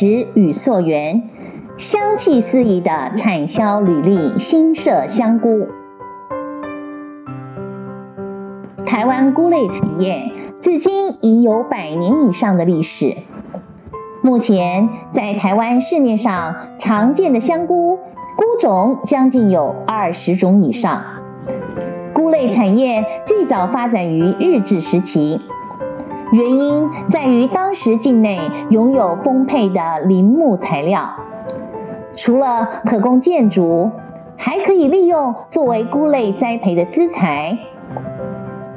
食與溯源，香氣四溢的產銷履歷新社香菇。台灣菇類產業至今已有百年以上的歷史。目前在台灣市面上常見的香菇菇種將近有二十種以上。菇類產業最早發展於日治時期。原因在於當時境內擁有豐沛的林木材料，除了可供建築，還可以利用作為菇類栽培的資材，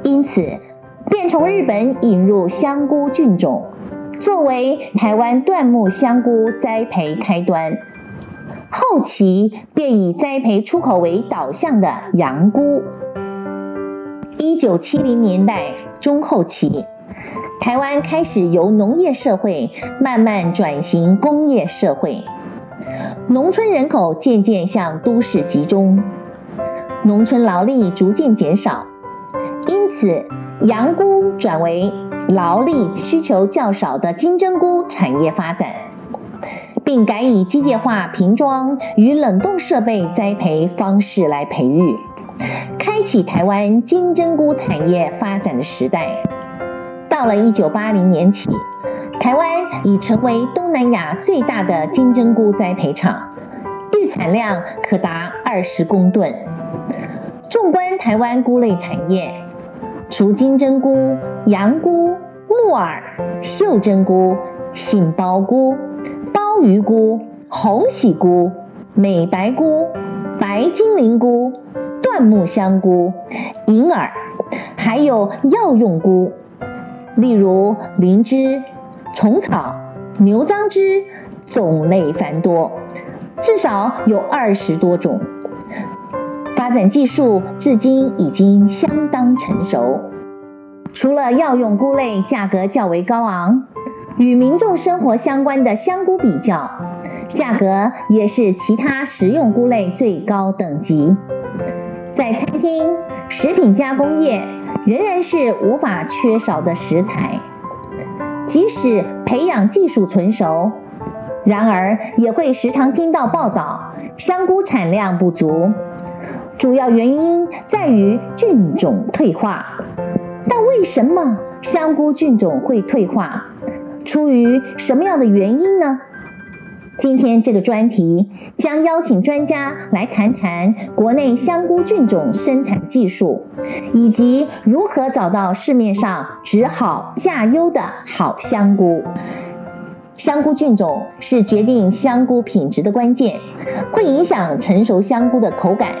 因此便從日本引入香菇菌種，作為台灣椴木香菇栽培開端。後期便以栽培出口為導向的洋菇。一九七零年代中後期。台灣開始由農業社會慢慢轉型工業社會，農村人口漸漸向都市集中，農村勞力逐漸減少，因此洋菇轉為勞力需求較少的金針菇產業發展，並改以機械化瓶裝與冷凍設備栽培方式來培育，開啟台灣金針菇產業發展的時代。到了一九八零年起，台灣已成為東南亞最大的金針菇栽培場，日產量可達二十公噸。縱觀台灣菇類產業，除金針菇、洋菇、木耳、秀珍菇、杏鮑菇、鮑魚菇、鴻喜菇、美白菇、白精靈菇、椴木香菇、銀耳，還有藥用菇。例如靈芝、蟲草、牛樟芝，種類繁多，至少有二十多種。發展技術至今已經相當成熟，除了藥用菇類價格較為高昂，與民眾生活相關的香菇比較，價格也是其他食用菇類最高等級。在餐廳、食品加工業，仍然是無法缺少的食材，即使培養技術純熟，然而也會時常聽到報道，香菇產量不足，主要原因在於菌種退化。但為什麼香菇菌種會退化？出於什麼樣的原因呢？今天這個專題將邀請專家來談談國內香菇菌種生產技術，以及如何找到市面上質好價優的好香菇。香菇菌種是決定香菇品質的關鍵，會影響成熟香菇的口感、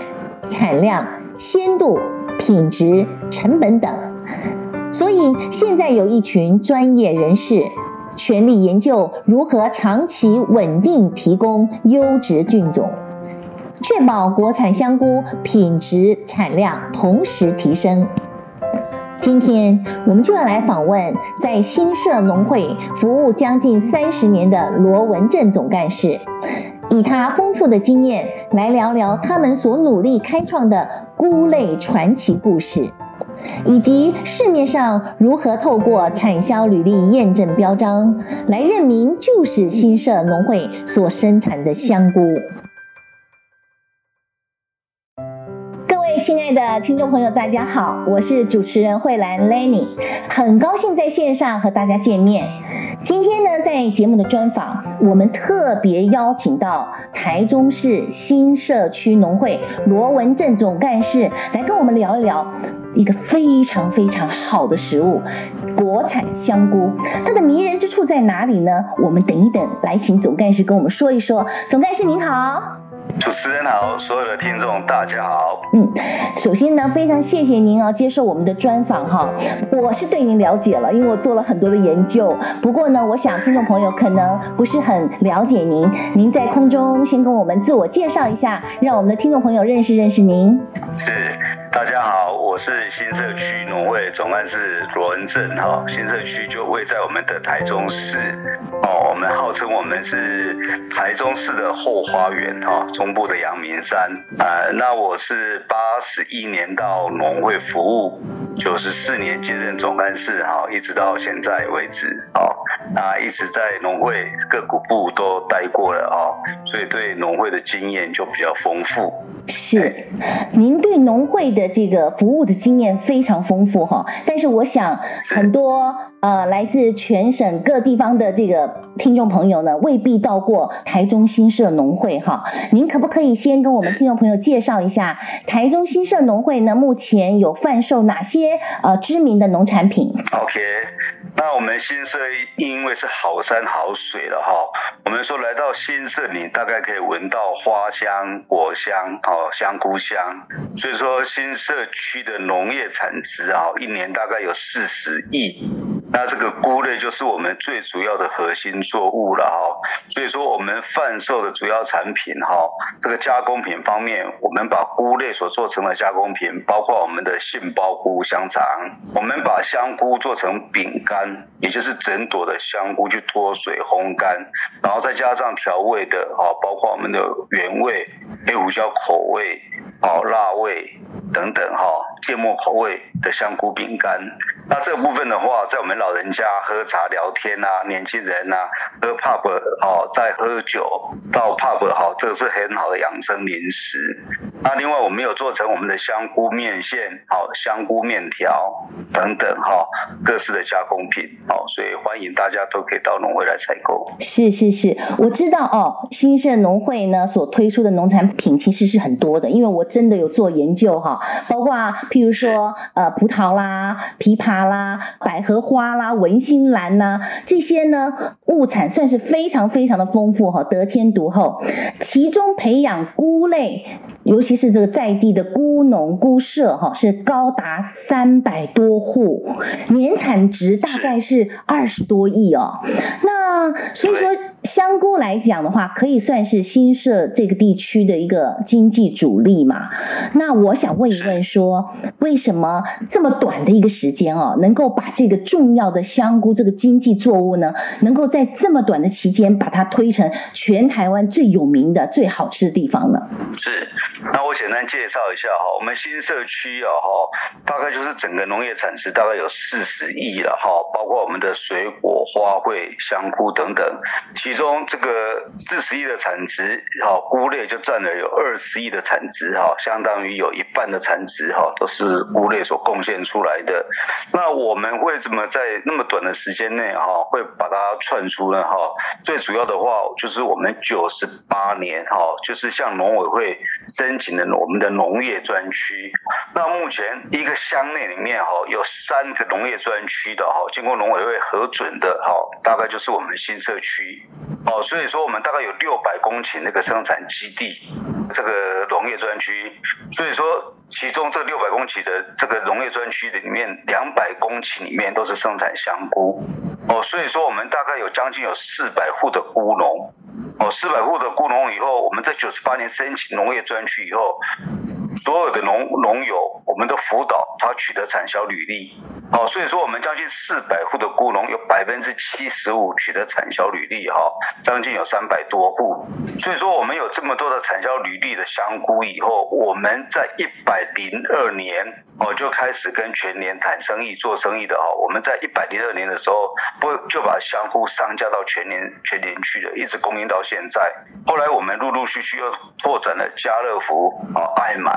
產量、鮮度、品質、成本等。所以現在有一群專業人士。全力研究如何長期穩定提供優質菌種，確保國產香菇品質產量同時提升。今天我們就要來訪問在新社農會服務將近三十年的羅文鎮總幹事，以他豐富的經驗來聊聊他們所努力開創的菇類傳奇故事。以及市面上如何透過產銷履歷驗證標章來認明就是新社農會所生產的香菇。嗯。各位親愛的聽眾朋友，大家好，我是主持人惠蘭 Lenny，很高興在線上和大家見面。今天呢，在節目的專訪，我們特別邀請到台中市新社區農會羅文正總幹事來跟我們聊一聊。一個非常非常好的食物，國產香菇，它的迷人之處在哪裡呢？我們等一等，來請總幹事跟我們說一說。總幹事您好，主持人好，所有的聽眾大家好。嗯，首先呢，非常謝謝您啊，接受我們的專訪哈。我是對您了解了，因為我做了很多的研究。不過呢，我想聽眾朋友可能不是很了解您。您在空中先跟我們自我介紹一下，讓我們的聽眾朋友認識認識您。是。大家好，我是新社區農會總幹事羅恩正哈。新社區就位在我們的台中市哦，我們號稱我們是台中市的後花園哈，中部的陽明山啊。那我是八十一年到農會服務，九十四年兼任總幹事哈，一直到現在為止哦。那一直在農會各股部都待過了哦，所以對農會的經驗就比較豐富。是，您對農會的。這個服務的經驗非常豐富哈，但是我想很多呃來自全省各地方的這個聽眾朋友呢，未必到過台中新社農會哈。您可不可以先跟我們聽眾朋友介紹一下台中新社農會呢？目前有販售哪些呃知名的農產品？Okay。那我們新社因為是好山好水了哈，哦，我們說來到新社，你大概可以聞到花香、果香哦、香菇香，所以說新社區的農業產值啊，一年大概有四十億。那這個菇類就是我們最主要的核心作物了哈，所以說我們販售的主要產品哈，這個加工品方面，我們把菇類所做成的加工品，包括我們的杏鮑菇香腸，我們把香菇做成餅乾，也就是整朵的香菇去脫水烘乾，然後再加上調味的哈，包括我們的原味、黑胡椒口味、哦辣味等等哈，芥末口味的香菇餅乾。那這部分的話，在我們老老人家喝茶聊天吶、啊，年輕人吶、啊，喝 pub 哦，再喝酒到 pub、哦、這個是很好的養生零食。那、啊、另外我們有做成我們的香菇麵線，好、哦、香菇麵條等等哈、哦，各式的加工品，好、哦，所以歡迎大家都可以到農會來採購。是是是，我知道哦，新社農會呢所推出的農產品其實是很多的，因為我真的有做研究哈，包括譬如說呃葡萄啦、枇杷啦、百合花。文心蘭吶、啊，這些呢物產算是非常非常的豐富哈，得天獨厚。其中培養菇類，尤其是這個在地的菇農菇社哈，是高達三百多戶，年產值大概是二十多億哦。那所以說。香菇來講的話，可以算是新社這個地區的一個經濟主力嘛。那我想問一問說，說為什麼這麼短的一個時間哦，能夠把這個重要的香菇這個經濟作物呢，能夠在這麼短的期間把它推成全台灣最有名的、最好吃的地方呢？是。那我簡單介紹一下哈，我們新社區啊哈，大概就是整個農業產值大概有四十億了哈，包括我們的水果、花卉、香菇等等，其中。中這個四十億的產值，好，菇類就占了有二十億的產值，哈，相當於有一半的產值，哈，都是菇類所貢獻出來的。那我們為什麼在那麼短的時間內，哈，會把它串出來，哈？最主要的話就是我們九十八年，哈，就是向農委會申請了我們的農業專區。那目前一個鄉內裡面，哈，有三個農業專區的，哈，經過農委會核准的，哈，大概就是我們的新社區。哦，所以說我們大概有六百公頃那個生產基地，這個農業專區，所以說其中這六百公頃的這個農業專區裡面兩百公頃裡面都是生產香菇。哦，所以說我們大概有將近有四百戶的菇農。哦，四百戶的菇農以後，我們在九十八年申請農業專區以後，所有的農農友，我們都輔導他取得產銷履歷。好、哦，所以說我們將近四百戶的菇農有百分之七十五取得產銷履歷，哈、哦，將近有三百多戶。所以說我們有這麼多的產銷履歷的香菇以後，我們在一百零二年，哦，就開始跟全年談生意做生意的哦。我們在一百零二年的時候，不就把香菇上架到全年全年去了，一直供應到現在。後來我們陸陸續續又拓展了家樂福，哦，愛買，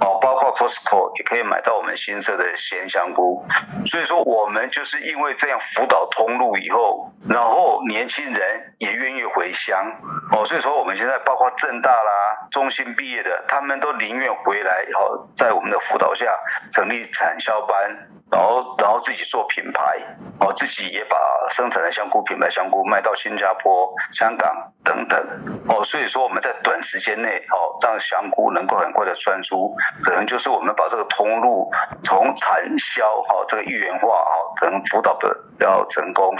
哦，包括。Costco 也可以買到我們新社的鮮香菇，所以說我們就是因為這樣輔導通路以後，然後年輕人也願意回鄉，哦，所以說我們現在包括政大啦、中興畢業的，他們都寧願回來以後，在我們的輔導下成立產銷班，然後然後自己做品牌。哦，自己也把生產的香菇品牌香菇賣到新加坡、香港等等。哦，所以說我們在短時間內，哦，讓香菇能夠很快的串出，可能就是我們把這個通路從產銷，哈、哦，這個一元化，哈、哦，可能輔導的比較成功。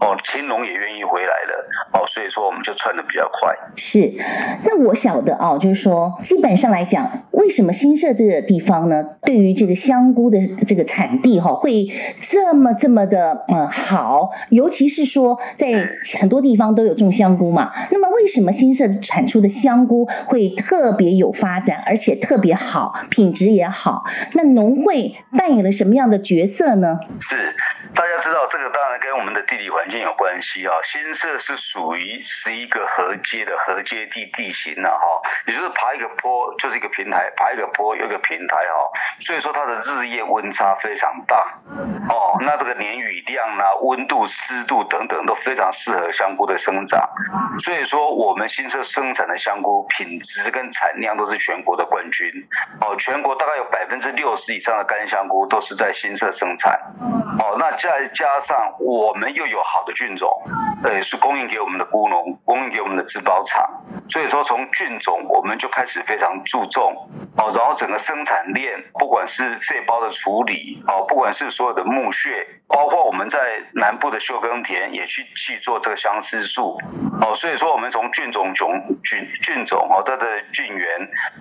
哦，青龍也願意回來了。哦，所以說我們就串的比較快。是，那我曉得哦，就是說，基本上來講，為什麼新社這個地方呢，對於這個香菇的這個產地，哈、哦，會這麼這麼的？嗯，好，尤其是說在很多地方都有種香菇嘛。那麼，為什麼新社產出的香菇會特別有發展，而且特別好，品質也好？那農會扮演了什麼樣的角色呢？是。大家知道這個當然跟我們的地理環境有關係啊、哦。新社是屬於十一個河階的河階地地形啊哈，也就是爬一個坡就是一個平台，爬一個坡又一個平台、哦，哈，所以說它的日夜溫差非常大，哦，那這個年雨量啊、溫度、濕度等等都非常適合香菇的生長，所以說我們新社生產的香菇品質跟產量都是全國的冠軍，哦，全國大概有百分之六十以上的乾香菇都是在新社生產，哦，那。再加上我們又有好的菌種，呃，是供應給我們的菇農，供應給我們的製包廠。所以說，從菌種我們就開始非常注重哦，然後整個生產鏈，不管是廢包的處理哦，不管是所有的木屑，包括我們在南部的休耕田也去去做這個相思樹哦。所以說，我們從菌種種菌菌種哦，它的菌源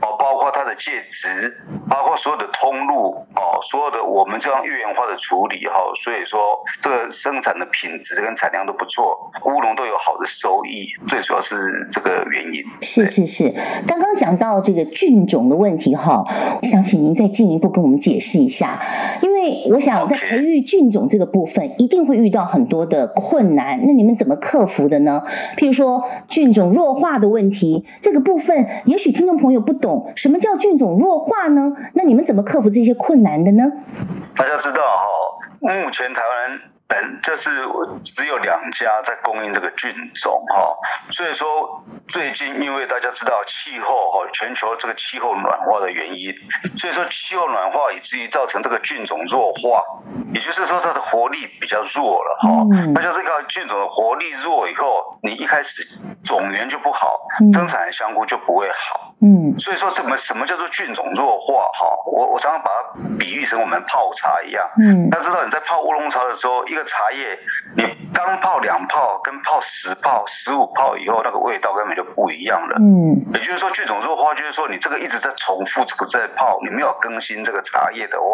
哦，包括它的介質，包括所有的通路哦，所有的我們這樣預言化的處理哈，所以。說這個生產的品質跟產量都不錯，烏龍都有好的收益，最主要是這個原因。是是是，剛剛講到這個菌種的問題哈，想請您再進一步跟我們解釋一下，因為我想在培育菌種這個部分，okay. 一定會遇到很多的困難，那你們怎麼克服的呢？譬如說菌種弱化的問題，這個部分也許聽眾朋友不懂什麼叫菌種弱化呢？那你們怎麼克服這些困難的呢？大家知道哈。目前台灣人，就是只有兩家在供應這個菌種哈，所以說最近因為大家知道氣候哈，全球這個氣候暖化的原因，所以說氣候暖化以至於造成這個菌種弱化，也就是說它的活力比較弱了哈，那、嗯、就這個菌種的活力弱以後，你一開始種源就不好，生產的香菇就不會好。嗯，所以說什麼什麼叫做菌種弱化哈？我我常常把它比喻成我們泡茶一樣。嗯，但是到你在泡烏龍茶的時候，一個茶葉你剛泡兩泡，跟泡十泡、十五泡以後，那個味道根本就不一樣了。嗯，也就是說菌種弱化，就是說你這個一直在重複這個在泡，你沒有更新這個茶葉的話，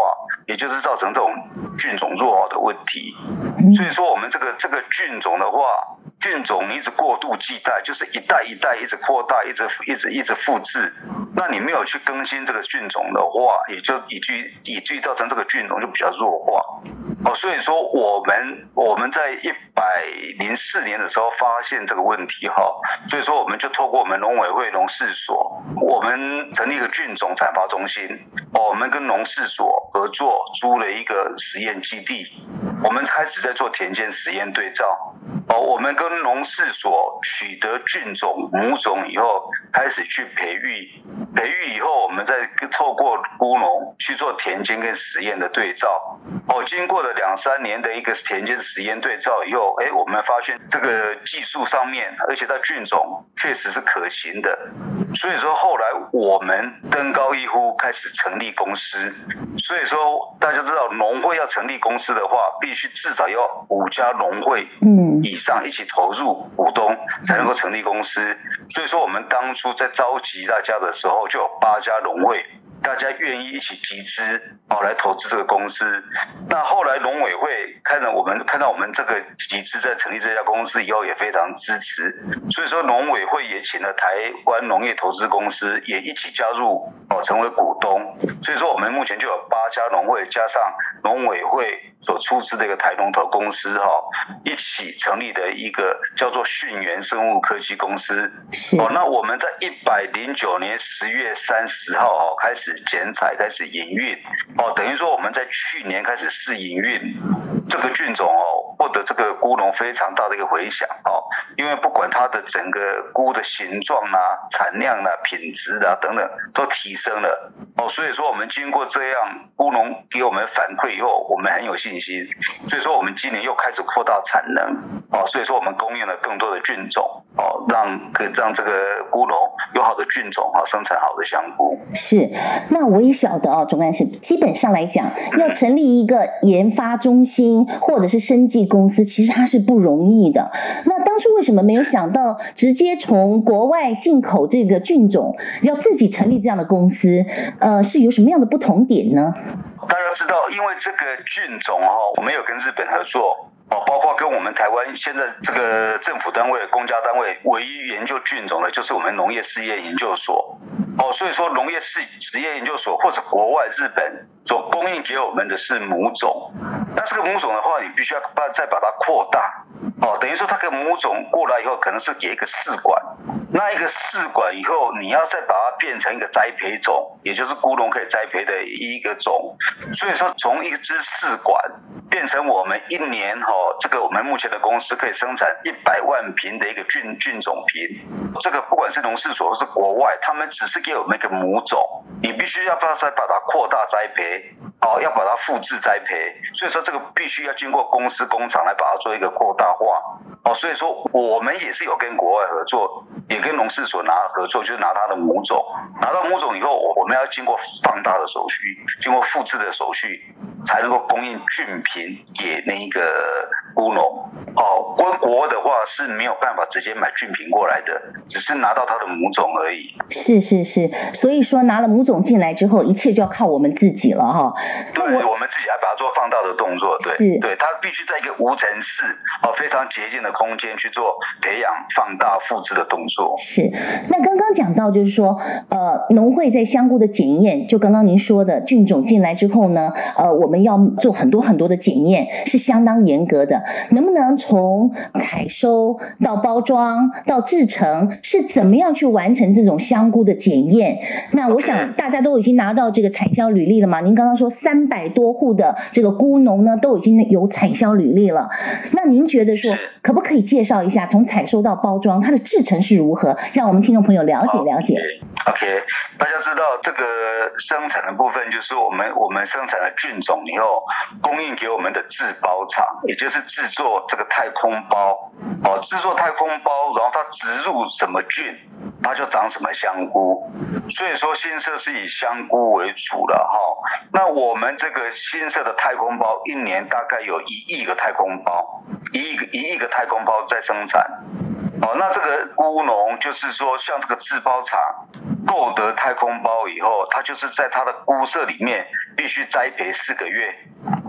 也就是造成這種菌種弱化的問題。所以說我們這個這個菌種的話。菌種一直過度繼代，就是一代一代一直擴大，一直一直一直複製。那你沒有去更新這個菌種的話，也就以致、以致造成這個菌種就比較弱化。哦，所以說我們我們在一百零四年的時候發現這個問題哈、哦，所以說我們就透過我們農委會農試所，我們成立一個菌種研發中心、哦，我們跟農試所合作租了一個實驗基地，我們開始在做田間實驗對照。哦，我們跟農事所取得菌種母種以後，開始去培育，培育以後，我們再透過菇農去做田間跟實驗的對照。哦，經過了兩三年的一個田間實驗對照以後，哎，我們發現這個技術上面，而且在菌種確實是可行的。所以說，後來我們登高一呼，開始成立公司。所以說，大家知道農會要成立公司的話，必須至少要五家農會嗯以上一起投。投入股東才能夠成立公司，所以說我們當初在召集大家的時候就有八家龍位。大家願意一起集資，哦，來投資這個公司。那後來農委會看到我們看到我們這個集資在成立這家公司以後也非常支持，所以說農委會也請了台灣農業投資公司也一起加入哦，成為股東。所以說我們目前就有八家農會加上農委會所出資的一個台農投公司哈、哦，一起成立的一個叫做迅源生物科技公司。哦，那我們在一百零九年十月三十號哦開始。是剪彩開始營運，哦，等於說我們在去年開始試營運這個菌種哦，獲得這個菇農非常大的一個回響哦，因為不管它的整個菇的形狀啊、產量啊、品質啊等等都提升了哦，所以說我們經過這樣菇農給我們反饋以後，我們很有信心，所以說我們今年又開始擴大產能哦，所以說我們供應了更多的菌種。哦，讓可以讓這個菇農有好的菌種啊，生產好的香菇。是，那我也曉得啊、哦，總幹事基本上來講，要成立一個研發中心或者是生技公司，其實它是不容易的。那當初為什麼沒有想到直接從國外進口這個菌種，要自己成立這樣的公司？呃，是有什麼樣的不同點呢？大家知道，因為這個菌種哈、哦，我們有跟日本合作。哦，包括跟我們台灣現在這個政府單位、公家單位唯一研究菌種的，就是我們農業試驗研究所。哦，所以說農業試驗研究所或者國外日本所供應給我們的是母種。那這個母種的話，你必須要把再把它擴大。哦，等於說它個母種過來以後，可能是給一個試管。那一個試管以後，你要再把它變成一個栽培種，也就是菇農可以栽培的一個種。所以說，從一只試管變成我們一年哈。這個我們目前的公司可以生產一百萬瓶的一個菌、菌種瓶。這個不管是農事所或是國外，他們只是給我們一個母種，你必須要把它再把它擴大栽培，哦，要把它複製栽培。所以說這個必須要經過公司工廠來把它做一個擴大化。哦，所以說我們也是有跟國外合作，也跟農事所拿合作，就是拿它的母種，拿到母種以後，我我們要經過放大的手續，經過複製的手續，才能夠供應菌瓶給那一個。菇農哦，關國的話是沒有辦法直接買菌瓶過來的，只是拿到它的母種而已。是是是，所以說拿了母種進來之後，一切就要靠我們自己了哈、哦。對我，我們自己還把它做放大的動作，對，對，它必須在一個無塵室哦，非常潔淨的空間去做培養、放大、複制的動作。是。那剛剛講到就是說，呃，農會在香菇的檢驗，就剛剛您說的菌種進來之後呢，呃，我們要做很多很多的檢驗，是相當嚴格的。得的能不能從採收到包裝到製成，是怎麼樣去完成這種香菇的檢驗？那我想大家都已經拿到這個產銷履歷了嗎？您剛剛說三百多戶的這個菇農呢，都已經有產銷履歷了。那您覺得說可不可以介紹一下從採收到包裝它的制成是如何，讓我們聽眾朋友了解了解？OK，OK，大家知道這個生產的部分就是我們我們生產的菌種以後供應給我們的制包廠。就是製作這個太空包，哦，製作太空包，然後它植入什麼菌，它就長什麼香菇。所以說新社是以香菇為主的哈。那我們這個新社的太空包，一年大概有一億個太空包，一億個一億個太空包在生產。哦，那這個菇農就是說像這個製包廠。購得太空包以後，他就是在他的菇舍裡面必須栽培四個月，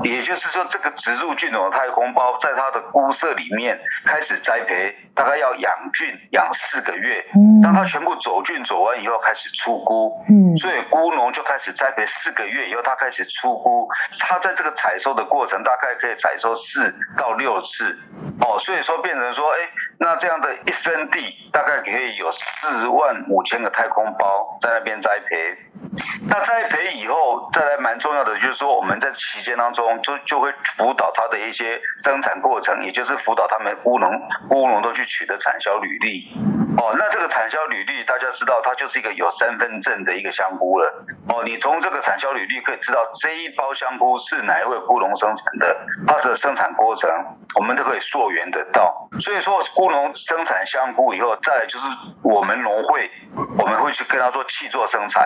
也就是說，這個植入菌種的太空包在他的菇舍裡面開始栽培，大概要養菌養四個月，讓他全部走菌走完以後開始出菇。嗯，所以菇農就開始栽培四個月以後，他開始出菇。他在這個採收的過程大概可以採收四到六次，哦，所以說變成說，哎，那這樣的一分地大概可以有四萬五千個太空包。哦，在那邊栽培。那栽培以後再來蠻重要的，就是說我們在期間當中就就會輔導他的一些生產過程，也就是輔導他們菇農菇農都去取得產銷履歷。哦，那這個產銷履歷大家知道，它就是一個有身份證的一個香菇了。哦，你從這個產銷履歷可以知道這一包香菇是哪一位菇農生產的，它的生產過程我們都可以溯源得到。所以說菇農生產香菇以後，再來就是我們農會，我們會去跟他做契作生產。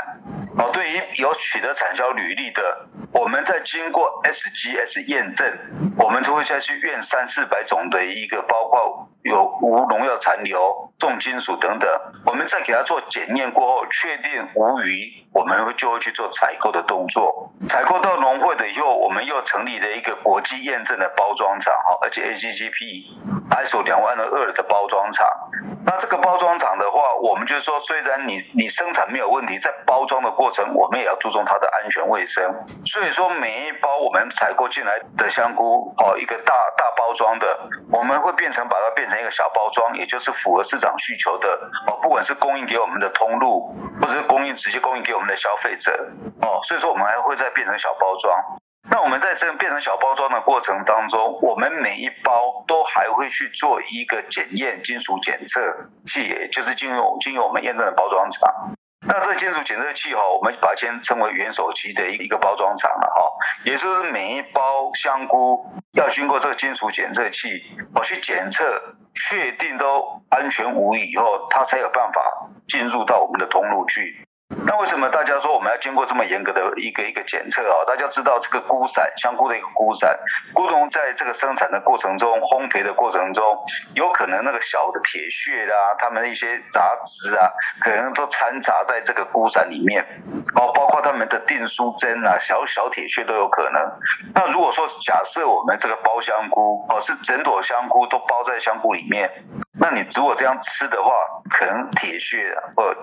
哦，對於有取得產銷履歷的，我們在經過 SGS 驗證，我們就會再去驗三四百種的一個包括。有無農藥殘留、重金屬等等，我們在給它做檢驗過後，確定無虞，我們就會去做採購的動作。採購到農會的以後，我們又成立了一個國際驗證的包裝廠，哈，而且 HACCP ISO 兩萬二的包裝廠。那這個包裝廠的話，我們就是說，雖然你你生產沒有問題，在包裝的過程，我們也要注重它的安全衛生。所以說，每一包我們採購進來的香菇，哦，一個大大包裝的，我們會變成把它變成。那個小包裝，也就是符合市場需求的哦，不管是供應給我們的通路，或者是供應直接供應給我們的消費者哦，所以說我們還會再變成小包裝。那我們在這變成小包裝的過程當中，我們每一包都還會去做一個檢驗，金屬檢測器，就是進入進入我們驗證的包裝廠。那這個金屬檢測器哈，我們把它先稱為原手機的一個包裝廠了哈，也就是每一包香菇要經過這個金屬檢測器哦去檢測。確定都安全無虞以後，他才有辦法進入到我們的通路去。那為什麼大家說我們要經過這麼嚴格的一個一個檢測啊？大家知道這個菇傘，香菇的一個菇傘，菇農在這個生產的過程中、烘焙的過程中，有可能那個小的鐵屑啊，它們一些雜質啊，可能都摻雜在這個菇傘裡面哦，包括它們的訂書針啊，小小鐵屑都有可能。那如果說假設我們這個包香菇哦，是整朵香菇都包在香菇裡面。那你如果這樣吃的話，可能鐵屑或、啊呃、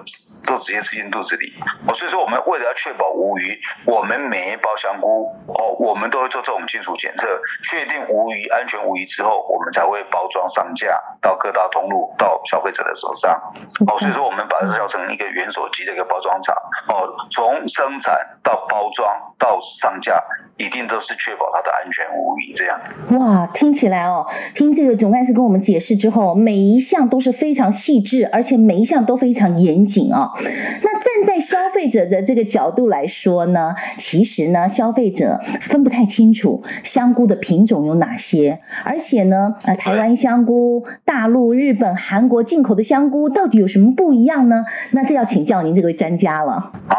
都直接吃進肚子裡。哦，所以說我們為了要確保無虞，我們每一包香菇哦，我們都會做這種金屬檢測，確定無虞、安全無虞之後，我們才會包裝上架到各大通路、到消費者的手上。Okay. 哦，所以說我們把它造成一個原手機的一個包裝廠。哦，從生產到包裝到上架，一定都是確保它的安全無虞這樣。哇，聽起來哦，聽這個總幹事跟我們解釋之後，每每一項都是非常細緻，而且每一項都非常嚴謹啊。那站在消費者的這個角度來說呢，其實呢，消費者分不太清楚香菇的品種有哪些，而且呢，台灣香菇、大陸、日本、韓國進口的香菇到底有什麼不一樣呢？那這要請教您這位專家了。好，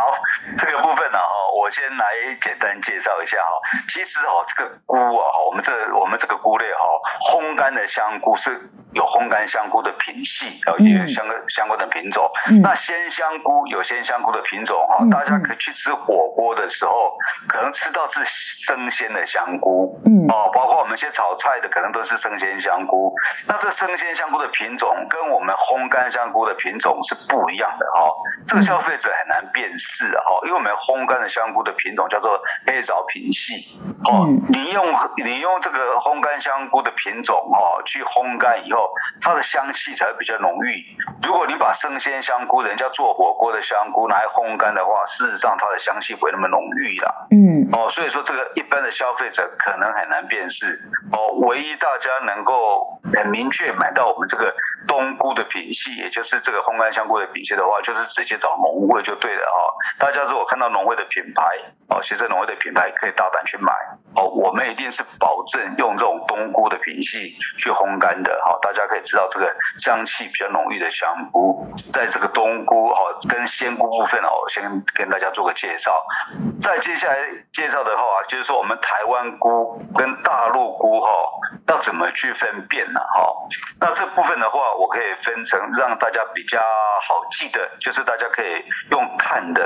這個部分呢、哦。我先來簡單介紹一下哈，其實哦，這個菇啊，我們這我們這個菇類哈，烘乾的香菇是有烘乾香菇的品系啊、嗯，也有相相關的品種。嗯、那鮮香菇有鮮香菇的品種哈，大家可以去吃火鍋的時候，可能吃到是生鮮的香菇，哦、嗯，包括我們一些炒菜的可能都是生鮮香菇。那這生鮮香菇的品種跟我們烘乾香菇的品種是不一樣的哈，這個消費者很難辨識哈，因為我們烘乾的香。菇的品種叫做黑棗品系，哦，你用你用這個烘乾香菇的品種哦，去烘乾以後，它的香氣才會比較濃郁。如果你把生鮮香菇，人家做火鍋的香菇拿來烘乾的話，事實上它的香氣不會那麼濃郁了。嗯，哦，所以說這個一般的消費者可能很難辨識。哦，唯一大家能夠很明確買到我們這個冬菇的品系，也就是這個烘乾香菇的品系的話，就是直接找農會就對了哦。大家如果看到農會的品牌。哦，其實農業的品牌可以大膽去買哦。我們一定是保證用這種冬菇的品系去烘乾的。好，大家可以知道這個香氣比較濃郁的香菇，在這個冬菇哦跟鮮菇部分哦，先跟大家做個介紹。再接下來介紹的話，就是說我們台灣菇跟大陸菇哈要怎麼去分辨呢？哈，那這部分的話，我可以分成讓大家比較好記得，就是大家可以用看的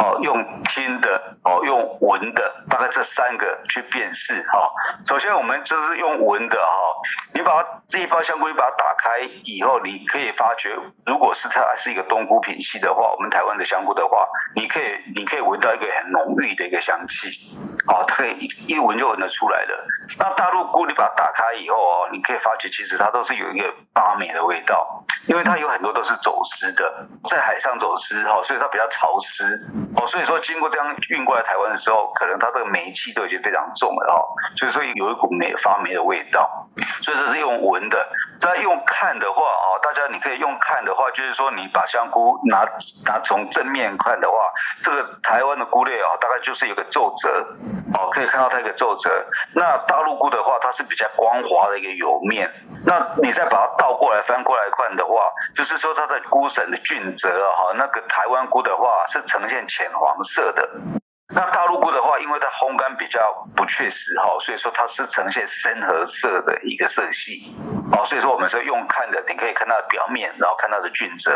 哦，用聽的。哦，用聞的，大概這三個去辨識哈、哦。首先我們就是用聞的哈、哦，你把這一包香菇，你把它打開以後，你可以發覺，如果是它是一個冬菇品系的話，我們台灣的香菇的話，你可以你可以聞到一個很濃郁的一個香氣，哦，它可以一一聞就聞得出來的。那大陸菇你把它打開以後哦，你可以發覺其實它都是有一個發霉的味道。因為它有很多都是走私的，在海上走私哈，所以它比較潮濕哦，所以說經過這樣運過來台灣的時候，可能它的霉氣都已經非常重了哈，所以說有一股霉發霉的味道，所以這是用聞的。在用看的話啊，大家你可以用看的話，就是說你把香菇拿拿從正面看的話，這個台灣的菇類啊，大概就是有個皺褶，好，可以看到它一個皺褶。那大陸菇的話，它是比較光滑的一個油面。那你再把它倒過來翻過來看的話，就是說它的菇傘的菌褶哈，那個台灣菇的話是呈現淺黃色的。那大陸菇的話，因為它烘乾比較不確實哈，所以說它是呈現深褐色的一個色系，哦，所以說我們說用看的，你可以看它的表面，然後看它的菌褶，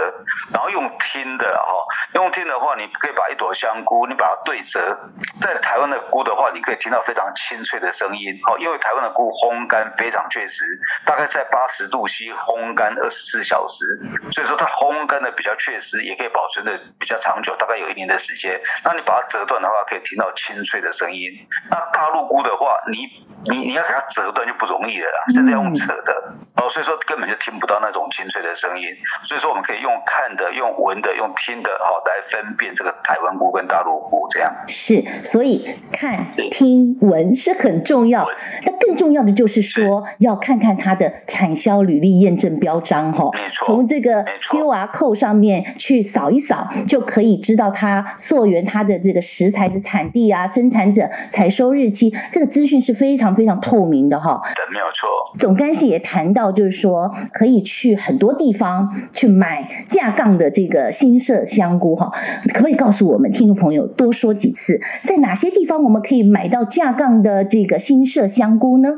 然後用聽的哈，用聽的話，你可以把一朵香菇，你把它對折，在台灣的菇的話，你可以聽到非常清脆的聲音，哦，因為台灣的菇烘乾非常確實，大概在八十度 C 烘乾二十四小時，所以說它烘乾的比較確實，也可以保存的比較長久，大概有一年的時間，那你把它折斷的話。可以聽到清脆的聲音。那大陸菇的話，你你你要給它折斷就不容易了，甚至要用扯的。嗯哦，所以說根本就聽不到那種清脆的聲音，所以說我們可以用看的、用聞的、用聽的，哦，來分辨這個台灣菇跟大陸菇這樣。是，所以看、聽、聞是很重要。那更重要的就是說是，要看看它的產銷履歷驗證標章，哈、哦，沒錯。從這個 QR code 上面去掃一掃，就可以知道它溯源它的這個食材的產地啊、生產者、採收日期，這個資訊是非常非常透明的，哈、哦。對，沒有錯。總幹事也談到。就是說，可以去很多地方去買架槓的這個新社香菇，哈，可不可以告訴我們聽眾朋友多說幾次，在哪些地方我們可以買到架槓的這個新社香菇呢？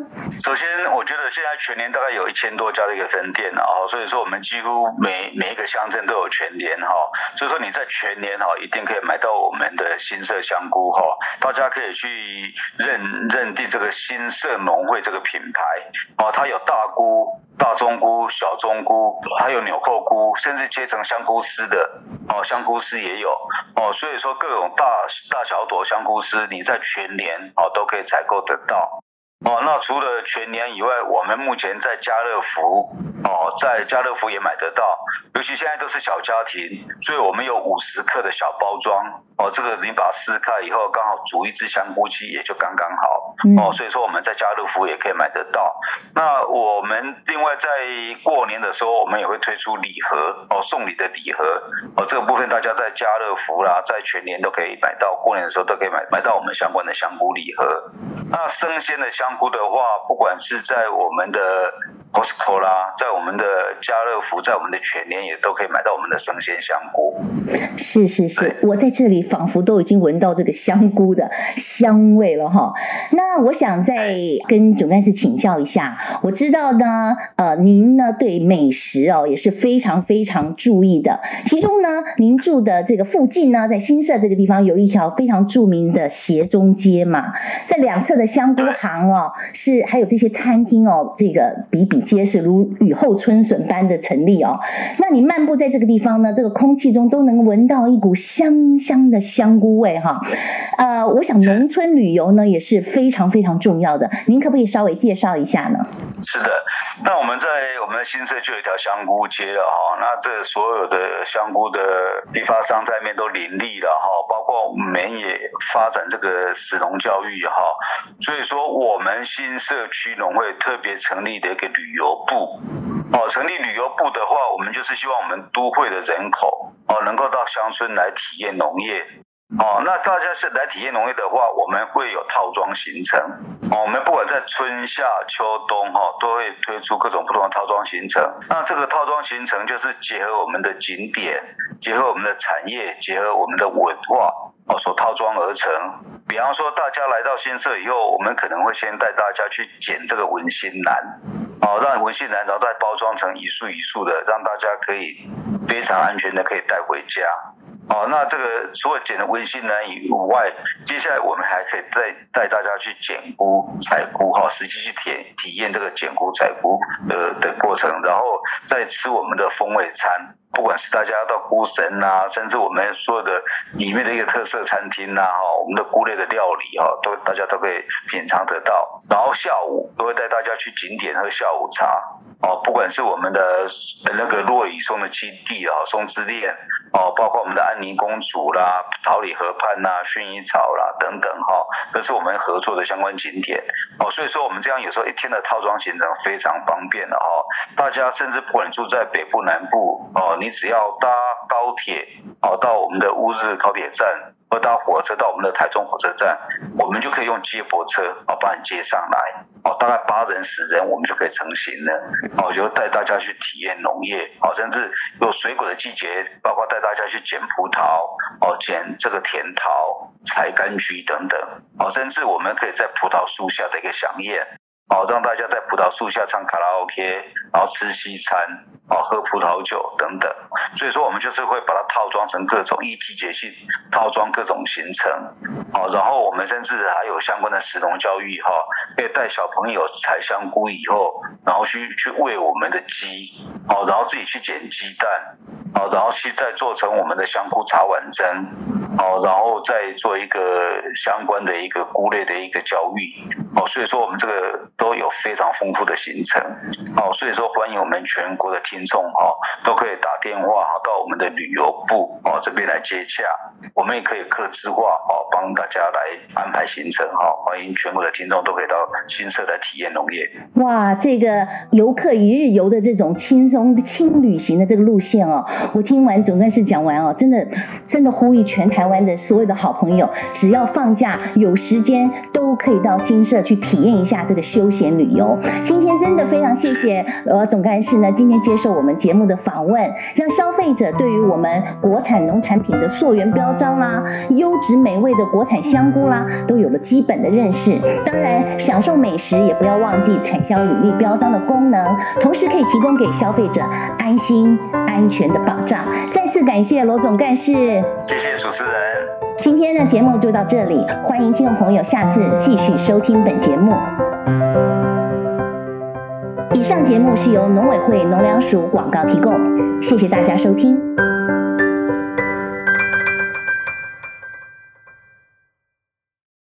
首先，我覺得現在全聯大概有一千多家的一個分店啊，所以說我們幾乎每每一個鄉鎮都有全聯、啊。哈，所以說你在全聯、啊，哈一定可以買到我們的新社香菇、啊，哈，大家可以去認認定這個新社農會這個品牌啊，它有大菇。大中菇、小中菇，還有紐扣菇，甚至切成香菇絲的，哦，香菇絲也有，哦，所以說各種大大小朵香菇絲，你在全聯哦都可以採購得到。哦，那除了全聯以外，我們目前在家樂福，哦，在家樂福也買得到。尤其現在都是小家庭，所以我們有五十克的小包裝，哦，這個你把它撕開以後，剛好煮一隻香菇雞也就剛剛好。哦，所以說我們在家樂福也可以買得到。那我們另外在過年的時候，我們也會推出禮盒，哦，送禮的禮盒，哦，這個部分大家在家樂福啦，在全聯都可以買到，過年的時候都可以買買到我們相關的香菇禮盒。那生鮮的香。香菇的話，不管是在我們的，Costco 啦，在我們的家樂福，在我們的全聯也都可以買到我們的生鮮香菇。是是是，我在這裡仿佛都已經聞到這個香菇的香味了哈。那我想再跟總幹事請教一下，我知道呢，呃，您呢對美食哦也是非常非常注意的。其中呢，您住的這個附近呢，在新社這個地方有一條非常著名的協中街嘛，在兩側的香菇行哦，是還有這些餐廳哦，這個比比。皆是如雨後春筍般的成立哦，那你漫步在這個地方呢，這個空氣中都能聞到一股香香的香菇味哈，呃，我想農村旅遊呢也是非常非常重要的，您可不可以稍微介紹一下呢？是的。那我們在我們的新社區有一條香菇街了哈，那這所有的香菇的批發商在那邊都林立了哈，包括我們也發展這個食農教育哈，所以說我們新社區農會特別成立的一個旅遊部，哦，成立旅遊部的話，我們就是希望我們都會的人口哦能夠到鄉村來體驗農業。哦，那大家是來體驗農業的話，我們會有套裝行程，哦。我們不管在春夏秋冬哈，哦，都會推出各種不同的套裝行程。那這個套裝行程就是結合我們的景點，結合我們的產業，結合我們的文化哦，所套裝而成。比方說，大家來到新社以後，我們可能會先帶大家去撿這個文心蘭，哦，讓文心蘭然後再包裝成一束一束的，讓大家可以非常安全的可以帶回家。哦，那這個除了剪的溫馨呢以外，接下來我們還可以再帶大家去剪菇、採菇，哈，實際去體體驗這個剪菇、採菇的的過程，然後再吃我們的風味餐，不管是大家到菇神啊，甚至我們所有的裡面的一個特色餐廳吶，哈，我們的菇類的料理，啊，哈，都大家都可以品嘗得到。然後下午都會帶大家去景點喝下午茶。哦，不管是我們的那個落羽松的基地啊，哦，松之戀哦，包括我們的安妮公主啦、桃李河畔啦、薰衣草啦等等哈，哦，都是我們合作的相關景點哦。所以說，我們這樣有時候一天的套裝行程非常方便的，哦，哈。大家甚至不管住在北部、南部哦，你只要搭高鐵哦到我們的烏日高鐵站，或搭火車到我們的台中火車站，我們就可以用接駁車啊幫你接上來哦，大概八人十人，人我們就可以成行了哦，就帶大家去體驗農業哦，甚至有水果的季節，包括帶大家去撿葡萄哦，撿這個甜桃、採柑橘等等哦，甚至我們可以在葡萄樹下的一個饗宴哦，讓大家在葡萄樹下唱卡拉 OK，然後吃西餐哦，喝葡萄酒等等。所以說，我們就是會把它套裝成各種一季節性套裝各種行程，哦，然後我們甚至還有相關的食農教育，哈，可以帶小朋友採香菇以後，然後去去餵我們的雞，哦，然後自己去撿雞蛋。然後去再做成我們的香菇茶碗蒸，然後再做一個相關的一個菇類的一個教育，哦，所以說我們這個都有非常豐富的行程，所以說歡迎我們全國的聽眾，都可以打電話到我們的旅遊部，哦，這邊來接洽，我們也可以客制化，哦，幫大家來安排行程，哈，歡迎全國的聽眾都可以到新社來體驗農業。哇，這個遊客一日遊的這種輕鬆輕旅行的這個路線，哦。我聽完總幹事講完哦，真的，真的呼籲全台灣的所有的好朋友，只要放假有時間，都可以到新社去體驗一下這個休閒旅遊。今天真的非常謝謝呃總幹事呢，今天接受我們節目的訪問，讓消費者對於我們國產農產品的溯源標章啦，優質美味的國產香菇啦，都有了基本的認識。當然，享受美食也不要忘記產銷履歷標章的功能，同時可以提供給消費者安心安全的保障，再次感謝羅總幹事。謝謝主持人。今天的節目就到這裡，歡迎聽眾朋友下次繼續收聽本節目。以上節目是由農委會農糧署廣告提供，謝謝大家收聽。